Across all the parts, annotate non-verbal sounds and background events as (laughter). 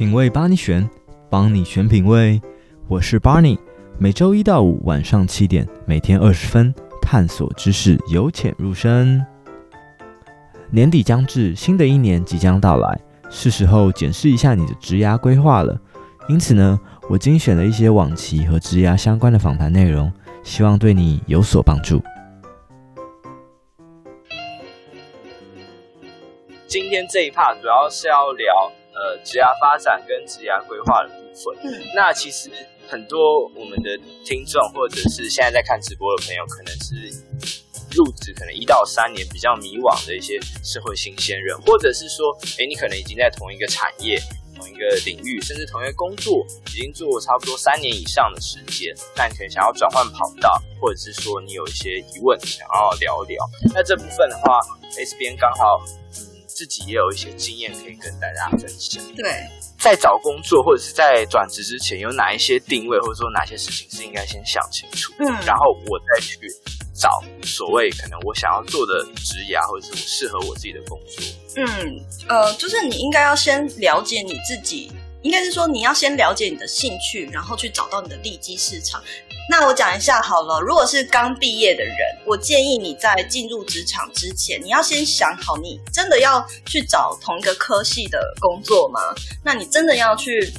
品味幫你選，幫你選品味，我是 Barney。每週一到五晚上七點，每天二十分，探索知識，由淺入深。年底將至，新的一年即將到來，是時候檢視一下你的職涯規劃了。因此呢，我精選了一些往期和職涯相關的訪談內容，希望對你有所幫助。今天這一趴主要是要聊。呃，職涯發展跟職涯規劃的部分，嗯、那其實很多我們的聽眾或者是現在在看直播的朋友，可能是入職可能一到三年比較迷惘的一些社會新鮮人，或者是說，誒、欸，你可能已經在同一個產業、同一個領域，甚至同一個工作，已經做了差不多三年以上的時間，那你可能想要轉換跑道，或者是說你有一些疑問，想要聊一聊。那這部分的話，S 編剛好。自己也有一些經驗可以跟大家分享。嗯，對，在找工作或者是在轉職之前，有哪一些定位，或者說哪些事情是應該先想清楚？嗯，然後我再去找所謂可能我想要做的職業，或者是我適合我自己的工作。嗯，呃，就是你應該要先了解你自己，應該是說你要先了解你的興趣，然後去找到你的利基市場。那我講一下好了，如果是剛畢業的人，我建議你在進入職場之前，你要先想好，你真的要去找同一個科系的工作嗎？那你真的要去。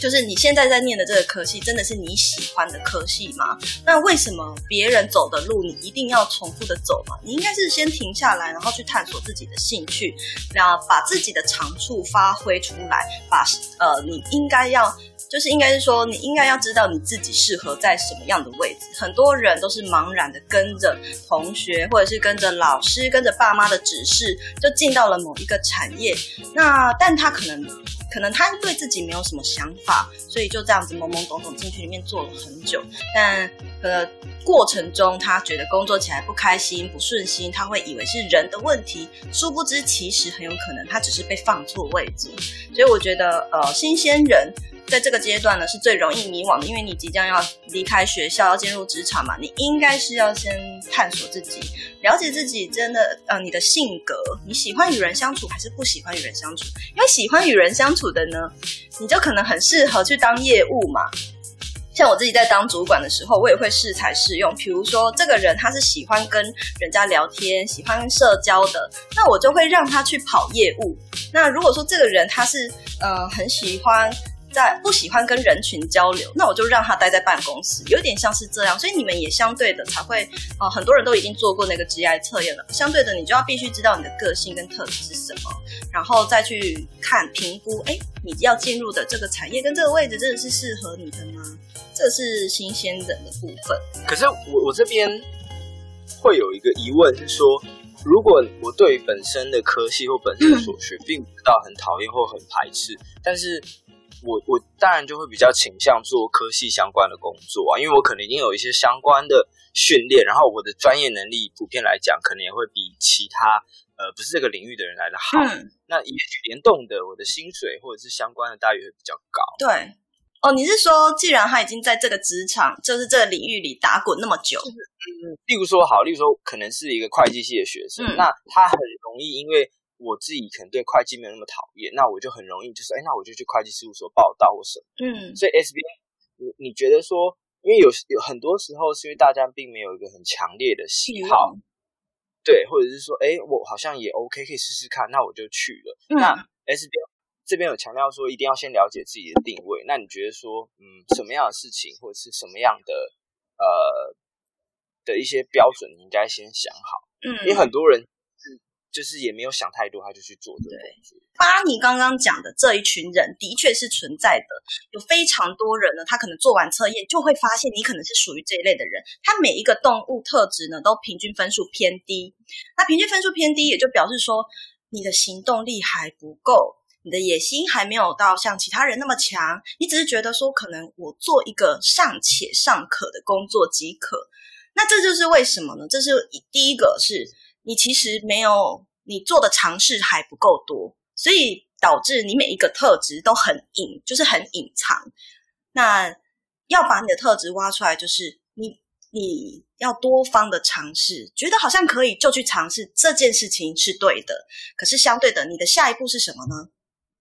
就是你現在在念的這個科系，真的是你喜歡的科系嗎？那為什麼別人走的路，你一定要重複的走嗎？你應該是先停下來，然後去探索自己的興趣，然後把自己的長處發揮出來，把呃，你應該要，就是應該是說，你應該要知道你自己適合在什麼樣的位置。很多人都是茫然的跟着同學，或者是跟着老師，跟着爸媽的指示，就進到了某一個產業。那但他可能。可能他對自己沒有什麼想法，所以就這樣子懵懵懂懂進去裡面做了很久。但可能過程中，他覺得工作起來不開心、不順心，他會以為是人的問題。殊不知，其實很有可能他只是被放錯位置。所以我覺得，呃，新鮮人。在這個階段呢，是最容易迷惘的，因為你即將要離開學校，要進入職場嘛。你應該是要先探索自己，了解自己真的呃，你的性格，你喜歡與人相處還是不喜歡與人相處？因為喜歡與人相處的呢，你就可能很適合去當業務嘛。像我自己在當主管的時候，我也會適才適用。比如說，這個人他是喜歡跟人家聊天，喜歡社交的，那我就會讓他去跑業務。那如果說這個人他是呃很喜歡。在不喜歡跟人群交流，那我就讓他待在辦公室，有點像是這樣。所以你們也相對的才會啊、呃，很多人都已經做過那個 GI 測驗了。相對的，你就要必須知道你的個性跟特質是什麼，然後再去看評估。哎，你要進入的這個產業跟這個位置真的是適合你的嗎？這是新鮮人的部分。可是我我這邊會有一個疑問，是說，如果我對本身的科系或本身的所學，並不到很討厭或很排斥，嗯、但是。我我當然就會比較傾向做科系相關的工作啊，因為我可能已經有一些相關的訓練，然後我的專業能力普遍來講，可能也會比其他呃不是這個領域的人來得好。嗯。那也聯動的，我的薪水或者是相關的待遇會比較高。對。哦，你是說，既然他已經在這個職場，就是這個領域裡打滾那麼久，就是、嗯。例如說，好，例如說，可能是一個會計系的學生，嗯、那他很容易因為。我自己可能對會計沒有那麼討厭，那我就很容易就是，哎，那我就去會計事務所報到或什麼。嗯，所以 S 編，你你覺得說，因為有有很多時候是因為大家並沒有一個很強烈的喜好，嗯、對，或者是說，哎，我好像也 OK，可以試試看，那我就去了。嗯，那 S 編這邊有強調說，一定要先了解自己的定位。那你覺得說，嗯，什麼樣的事情或者是什麼樣的呃的一些標準，你應該先想好。嗯，因為很多人。就是也沒有想太多，他就去做這個東西。對。巴尼剛剛講的這一群人的確是存在的，有非常多人呢。他可能做完測驗就會發現，你可能是屬於這一類的人。他每一個動物特質呢，都平均分數偏低。那平均分數偏低，也就表示說你的行動力還不夠，你的野心還沒有到像其他人那麼強。你只是覺得說，可能我做一個尚且尚可的工作即可。那這就是為什麼呢？這是第一個是，是你其實沒有。你做的嘗試還不夠多，所以導致你每一個特質都很隱，就是很隱藏。那要把你的特質挖出來，就是你你要多方的嘗試，覺得好像可以就去嘗試這件事情是對的。可是相對的，你的下一步是什麼呢？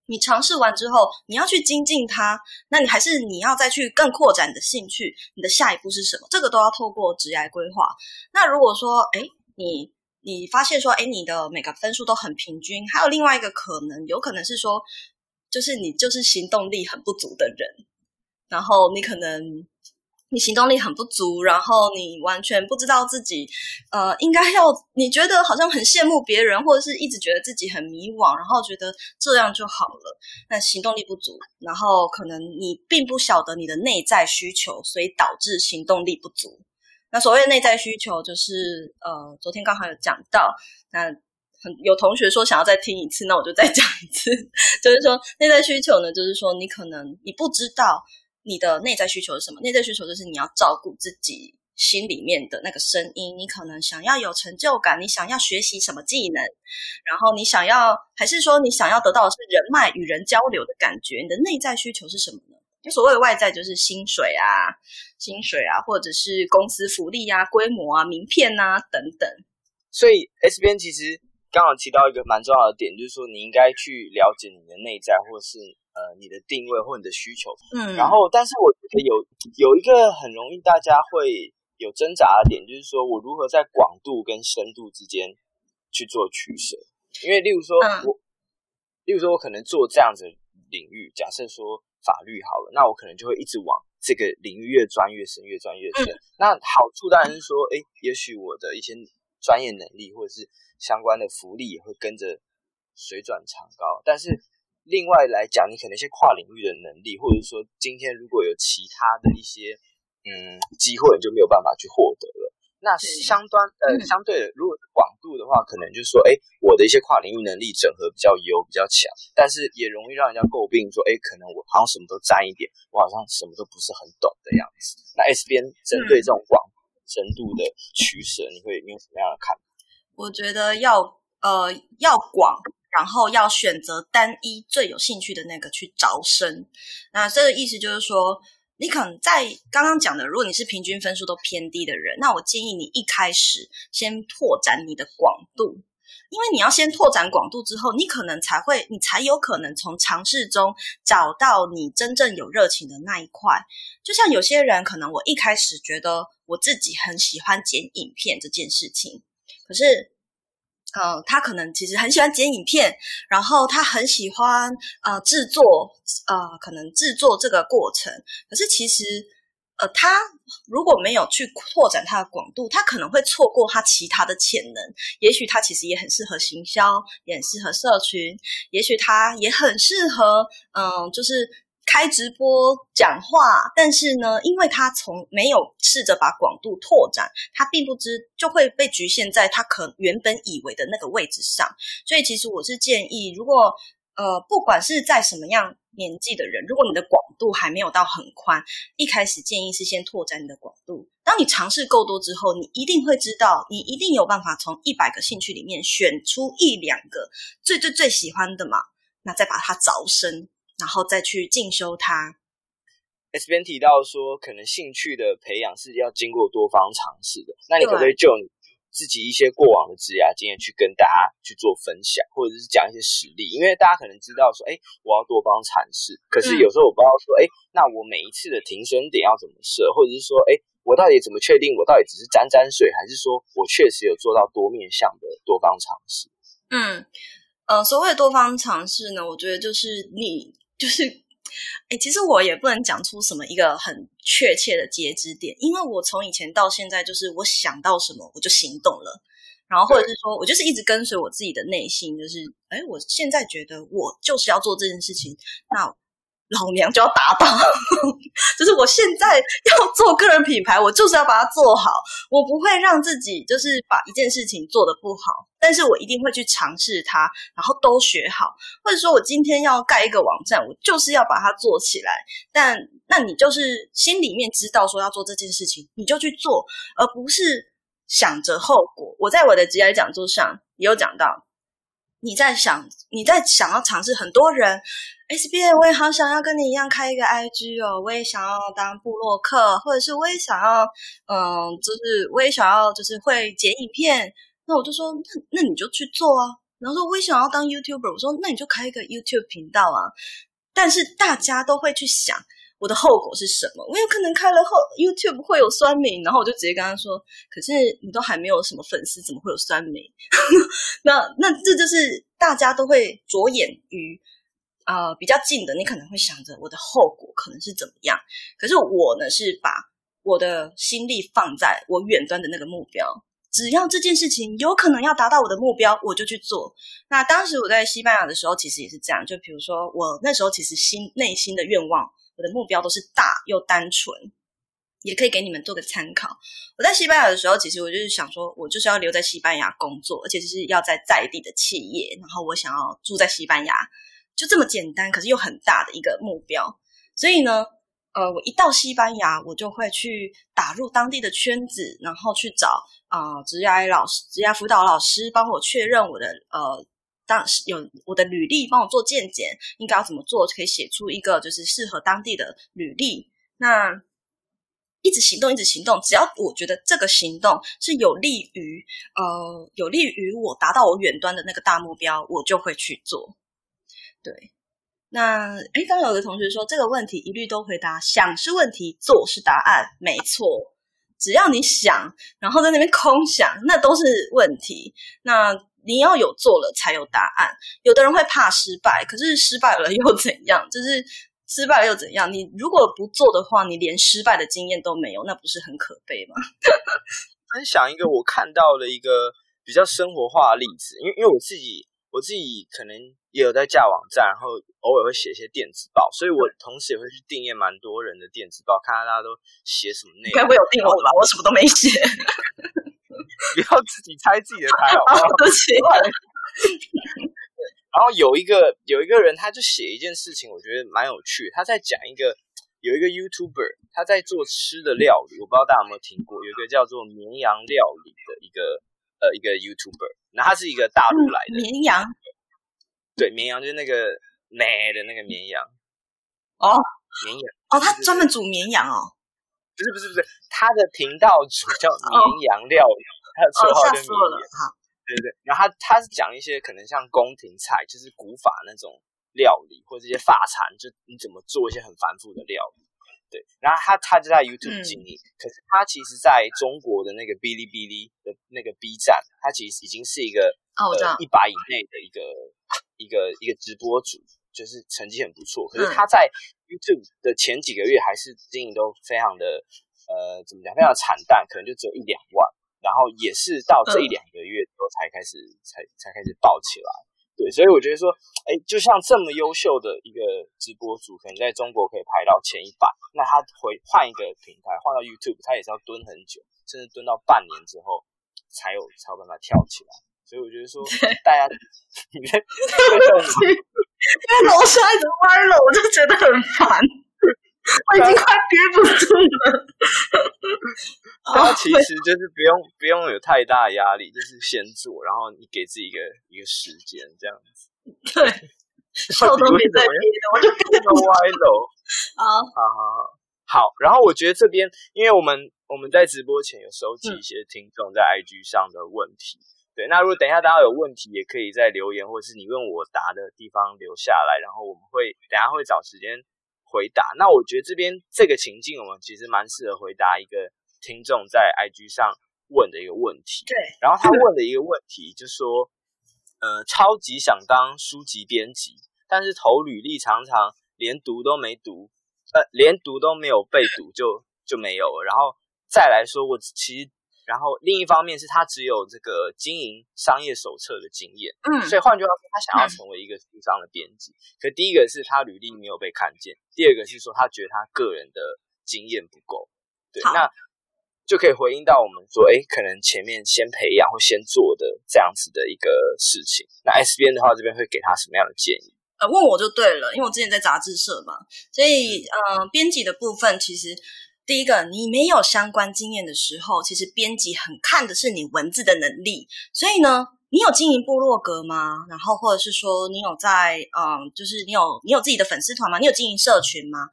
你嘗試完之後，你要去精進它，那你還是你要再去更擴展你的興趣。你的下一步是什麼？這個都要透過職涯規劃。那如果說，誒、欸、你。你發現說，哎，你的每個分數都很平均。還有另外一個可能，有可能是說，就是你就是行動力很不足的人。然後你可能你行動力很不足，然後你完全不知道自己，呃，應該要你覺得好像很羨慕別人，或者是一直覺得自己很迷惘，然後覺得這樣就好了。那行動力不足，然後可能你並不曉得你的內在需求，所以導致行動力不足。那所謂的內在需求就是，呃，昨天剛好有講到，那很有同學說想要再聽一次，那我就再講一次，就是說內在需求呢，就是說你可能你不知道你的內在需求是什麼，內在需求就是你要照顧自己心裡面的那個聲音，你可能想要有成就感，你想要學習什麼技能，然後，你想要還是說你想要得到的是人脈與人交流的感覺，你的內在需求是什麼呢？所謂外在就是薪水啊、薪水啊，或者是公司福利啊、規模啊、名片啊，等等。所以 S 編其實剛好提到一個蠻重要的點，就是說你應該去了解你的內在，或是呃你的定位或你的需求。嗯。然後，但是我覺得有有一個很容易大家會有掙扎的點，就是說我如何在廣度跟深度之間去做取舍？因為例如說我，嗯、例如說我可能做這樣子的領域，假設說。法律好了，那我可能就會一直往這個領域越鑽越深，越鑽越深。那好處當然是說，誒、欸，也許我的一些專業能力或者是相關的福利也會跟着水漲船高。但是另外來講，你可能一些跨領域的能力，或者說今天如果有其他的一些嗯機會，你就沒有辦法去獲得。那相端呃，相對的，如果是廣度的話，嗯、可能就是說，誒、欸，我的一些跨領域能力整合比較優，比較強，但是也容易讓人家詬病，說，誒、欸，可能我好像什麼都沾一點，我好像什麼都不是很懂的樣子。那 S 編針對這種廣深度的取捨、嗯，你會，你有什麼樣的看法？我覺得要呃要廣，然後要選擇單一最有興趣的那個去招生。那這個意思就是說。你可能在剛剛講的，如果你是平均分數都偏低的人，那我建議你一開始先拓展你的廣度，因為你要先拓展廣度之後，你可能才會，你才有可能從嘗試中找到你真正有熱情的那一塊。就像有些人可能，我一開始覺得我自己很喜歡剪影片這件事情，可是。呃，他可能其實很喜歡剪影片，然後他很喜歡呃製作，呃，可能製作這個過程。可是其實，呃，他如果沒有去擴展他的廣度，他可能會錯過他其他的潛能。也許他其實也很適合行銷，也很適合社群，也許他也很適合，嗯、呃，就是。開直播講話，但是呢，因為他從沒有試着把廣度拓展，他並不知就會被局限在他可原本以為的那個位置上。所以，其實我是建議，如果呃，不管是在什麼樣年紀的人，如果你的廣度還沒有到很寬，一開始建議是先拓展你的廣度。當你嘗試夠多之後，你一定會知道，你一定有辦法從一百個興趣裡面選出一兩個最最最喜歡的嘛，那再把它鑿深。然後再去進修它。S 編、欸、提到說，可能興趣的培養是要經過多方嘗試的。那你可不可以就你自己一些過往的職涯、今天去跟大家去做分享，或者是講一些實例？因為大家可能知道說，哎、欸，我要多方嘗試。可是有時候我不知道說，哎、嗯欸，那我每一次的停損點要怎麼設，或者是說，哎、欸，我到底怎麼確定我到底只是沾沾水，還是說我確實有做到多面向的多方嘗試？嗯呃所謂多方嘗試呢，我覺得就是你。就是，哎，其實我也不能講出什麼一個很確切的截止點，因為我從以前到現在，就是我想到什麼我就行動了，然後或者是說對我就是一直跟隨我自己的內心，就是，哎，我現在覺得我就是要做這件事情，那。老娘就要打倒， (laughs) 就是我現在要做個人品牌，我就是要把它做好，我不會讓自己就是把一件事情做得不好，但是我一定會去嘗試它，然後都學好，或者說我今天要蓋一個網站，我就是要把它做起來，但那你就是心裡面知道說要做這件事情，你就去做，而不是想着後果。我在我的職業講座上也有講到。你在想，你在想要嘗試很多人，SBA，我也好想要跟你一樣開一個 IG 哦，我也想要當部落客，或者是我也想要，嗯、呃，就是我也想要，就是會剪影片。那我就說，那那你就去做啊。然後我說我也想要當 YouTuber，我說那你就開一個 YouTube 頻道啊。但是大家都會去想。我的後果是什麼？我有可能開了後，YouTube 會有酸民，然後我就直接跟他說：“可是你都還沒有什麼粉絲，怎麼會有酸民？” (laughs) 那那這就是大家都會着眼於啊、呃、比較近的，你可能會想着我的後果可能是怎麼樣。可是我呢，是把我的心力放在我遠端的那個目標，只要這件事情有可能要達到我的目標，我就去做。那當時我在西班牙的時候，其實也是這樣。就比如說我那時候其實心內心的願望。我的目標都是大又單純，也可以給你們做個參考。我在西班牙的時候，其實我就是想說，我就是要留在西班牙工作，而且就是要在在地的企業，然後我想要住在西班牙，就這麼簡單，可是又很大的一個目標。所以呢，呃，我一到西班牙，我就會去打入當地的圈子，然後去找啊、呃、職業老師、職業輔導老師幫我確認我的呃。當時有我的履歷，幫我做見解，應該要怎麼做，可以寫出一個就是適合當地的履歷。那一直行動，一直行動，只要我覺得這個行動是有利於呃有利於我達到我遠端的那個大目標，我就會去做。對，那哎，誒剛，剛有個同學說這個問題一律都回答，想是問題，做是答案，沒錯。只要你想，然後在那邊空想，那都是問題。那。你要有做了才有答案。有的人會怕失敗，可是失敗了又怎樣？就是失敗了又怎樣？你如果不做的話，你連失敗的經驗都沒有，那不是很可悲嗎？分享一個我看到的一個比較生活化的例子，因為因為我自己我自己可能也有在架網站，然後偶爾會寫一些電子報，所以我同時也會去訂閱蠻多人的電子報，看看大家都寫什麼內容。應該會有訂我的吧？我什麼都沒寫。 (laughs) (laughs) 不要自己猜自己的牌好不好，都寫完了。 (laughs) 起 (laughs) 然後有一個有一個人，他就寫一件事情，我覺得蠻有趣的。他在講一個有一個 YouTuber，他在做吃的料理，我不知道大家有沒有聽過，有一個叫做綿羊料理的一個呃一個 YouTuber，那他是一個大陸來的。嗯、綿羊。對，綿羊就是那個咩的那個綿羊。哦。綿羊。哦，他專門煮綿羊哦。不是不是不是，他的頻道主叫綿羊料理。哦他、哦、下錯了，好，對對，然後他他是講一些可能像宮廷菜，就是古法那種料理，或者一些髮簪，就你怎麼做一些很繁複的料理，對。然後他他就在 YouTube 經營，嗯、可是他其實在中國的那個嗶哩嗶哩的那個 B 站，他其實已經是一個哦，我知道、呃、一百以內的一個一個一個，一個直播主，就是成績很不錯。可是他在 YouTube 的前幾個月還是經營都非常的呃，怎麼講，非常的慘淡，嗯、可能就只有一兩萬。然後也是到這兩個月之後才開始、嗯、才才開始爆起來，對，所以我覺得說，哎，就像這麼優秀的一個直播主，可能在中國可以排到前一百，那他回換一個平台，換到 YouTube，他也是要蹲很久，甚至蹲到半年之後才有才有辦法跳起來。所以我覺得說，對大家你們太有因為樓下一直歪了，我就覺得很煩，對我已經快憋不住了。 (laughs) (laughs) 其實就是不用不用有太大壓力，就是先做，然後你給自己一個一個時間這樣子。對， (laughs) 手都沒在的 (laughs) 我就歪 (laughs) 好，好，好，好，好，然後我覺得這邊，因為我們我們在直播前有收集一些聽眾在 IG 上的問題，嗯、對，那如果等一下大家有問題，也可以在留言或者是你問我答的地方留下來，然後我們會等一下會找時間。回答。那我覺得這邊這個情境，我們其實蠻適合回答一個聽眾在 IG 上問的一個問題。對，然後他問了一個問題，就是說，呃，超級想當書籍編輯，但是投履歷常常連讀都沒讀，呃，連讀都沒有被讀就就沒有了。然後再來說，我其實。然後另一方面是他只有這個經營商業手冊的經驗，嗯，所以換句話說，他想要成為一個書商的編輯。嗯、可第一個是他履歷沒有被看見，第二個是說他覺得他個人的經驗不夠。對，好那就可以回應到我們說，哎，可能前面先培養或先做的這樣子的一個事情。那 S 編的話，這邊會給他什麼樣的建議？呃，問我就對了，因為我之前在雜誌社嘛，所以是呃，編輯的部分其實。第一個，你沒有相關經驗的時候，其實編輯很看的是你文字的能力。所以呢，你有經營部落格嗎？然後或者是說，你有在嗯，就是你有你有自己的粉絲團嗎？你有經營社群嗎？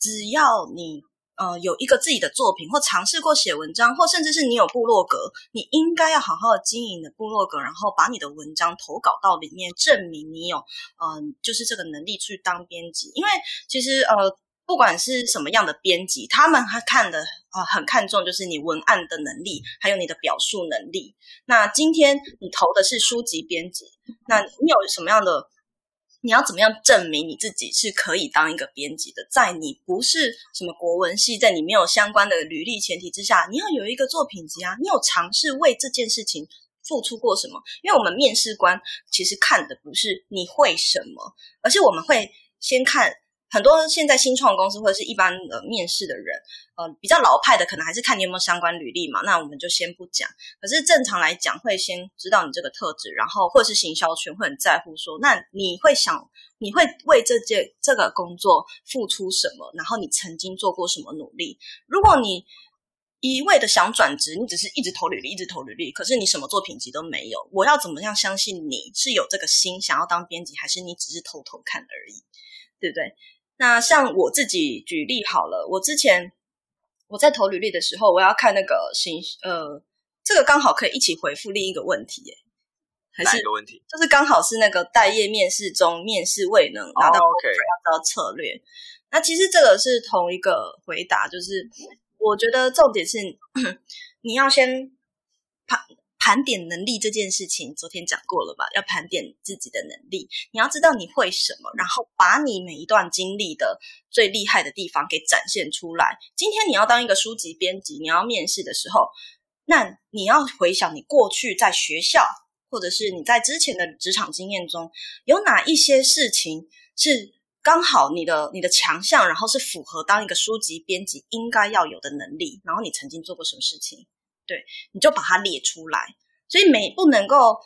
只要你呃有一個自己的作品，或嘗試過寫文章，或甚至是你有部落格，你應該要好好的經營的部落格，然後把你的文章投稿到裡面，證明你有嗯、呃，就是這個能力去當編輯。因為其實呃。不管是什麼樣的編輯，他們還看的啊，很看重就是你文案的能力，還有你的表述能力。那今天你投的是書籍編輯，那你有什麼樣的？你要怎麼樣證明你自己是可以當一個編輯的？在你不是什麼國文系，在你沒有相關的履歷前提之下，你要有一個作品集啊。你有嘗試為這件事情付出過什麼？因為我們面試官其實看的不是你會什麼，而是我們會先看。很多現在新創公司或者是一般，呃，面試的人，呃，比較老派的可能還是看你有沒有相關履歷嘛。那我們就先不講。可是正常來講，會先知道你這個特質，然後或者是行銷圈會很在乎說，那你會想，你會為這件這個工作付出什麼？然後你曾經做過什麼努力？如果你一味的想轉職，你只是一直投履歷，一直投履歷，可是你什麼作品集都沒有，我要怎麼樣相信你是有這個心想要當編輯，還是你只是偷偷看而已？對不對？那像我自己舉例好了，我之前我在投履歷的時候，我要看那個行，呃，這個剛好可以一起回復另一個問題，哎，還是哪個問題？就是剛好是那個待業面試中面試未能拿到 offer 的策略。Oh, okay. 那其實這個是同一個回答，就是我覺得重點是 (coughs) 你要先。盤點能力這件事情，昨天講過了吧？要盤點自己的能力，你要知道你會什麼，然後把你每一段經歷的最厲害的地方給展現出來。今天你要當一個書籍編輯，你要面試的時候，那你要回想你過去在學校，或者是你在之前的職場經驗中，有哪一些事情是剛好你的，你的強項，然後是符合當一個書籍編輯應該要有的能力，然後你曾經做過什麼事情。對，你就把它列出來。所以每不能夠，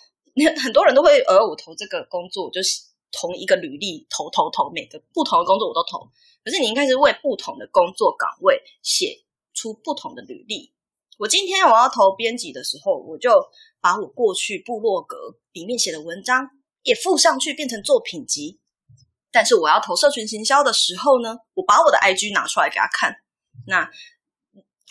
很多人都會呃，我投這個工作就是同一個履歷投投投，每個不同的工作我都投。可是你應該是為不同的工作崗位寫出不同的履歷。我今天我要投編輯的時候，我就把我過去部落格裡面寫的文章也附上去，變成作品集。但是我要投社群行銷的時候呢，我把我的 IG 拿出來給他看。那。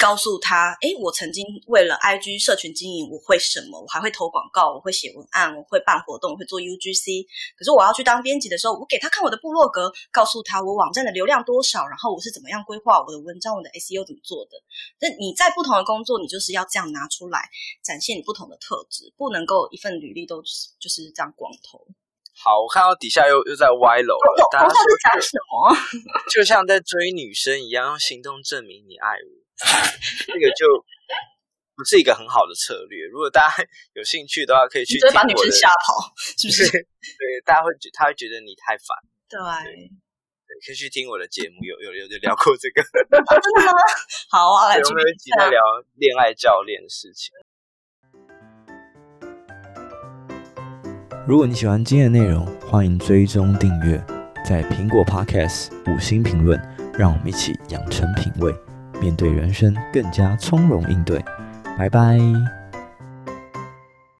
告訴他，哎，我曾經為了 I G 社群經營，我會什麼？我還會投廣告，我會寫文案，我會辦活動，我會做 U G C。可是我要去當編輯的時候，我給他看我的部落格，告訴他我網站的流量多少，然後我是怎麼樣規劃我的文章，我的 SEO 怎麼做的。那你在不同的工作，你就是要這樣拿出來展現你不同的特質，不能夠一份履歷都就是這樣廣投。好，我看到底下又又在歪樓了，哦哦、大家在講什麼？就像在追女生一樣，用行動證明你愛我。 (laughs) 這個就不是一個很好的策略。如果大家有興趣的話，可以去聽我的。直接把女生嚇跑，是、就、不是？ (laughs) 對，大家會覺他會覺得你太煩，對，對。對，可以去聽我的節目，有有有聊過這個。 (laughs) 好啊，有沒一起得聊戀愛教練的事情？啊、如果你喜歡今天的內容，歡迎追蹤訂閱，在蘋果 Podcast 五星評論，讓我們一起養成品味，面對人生更加從容應對，拜拜。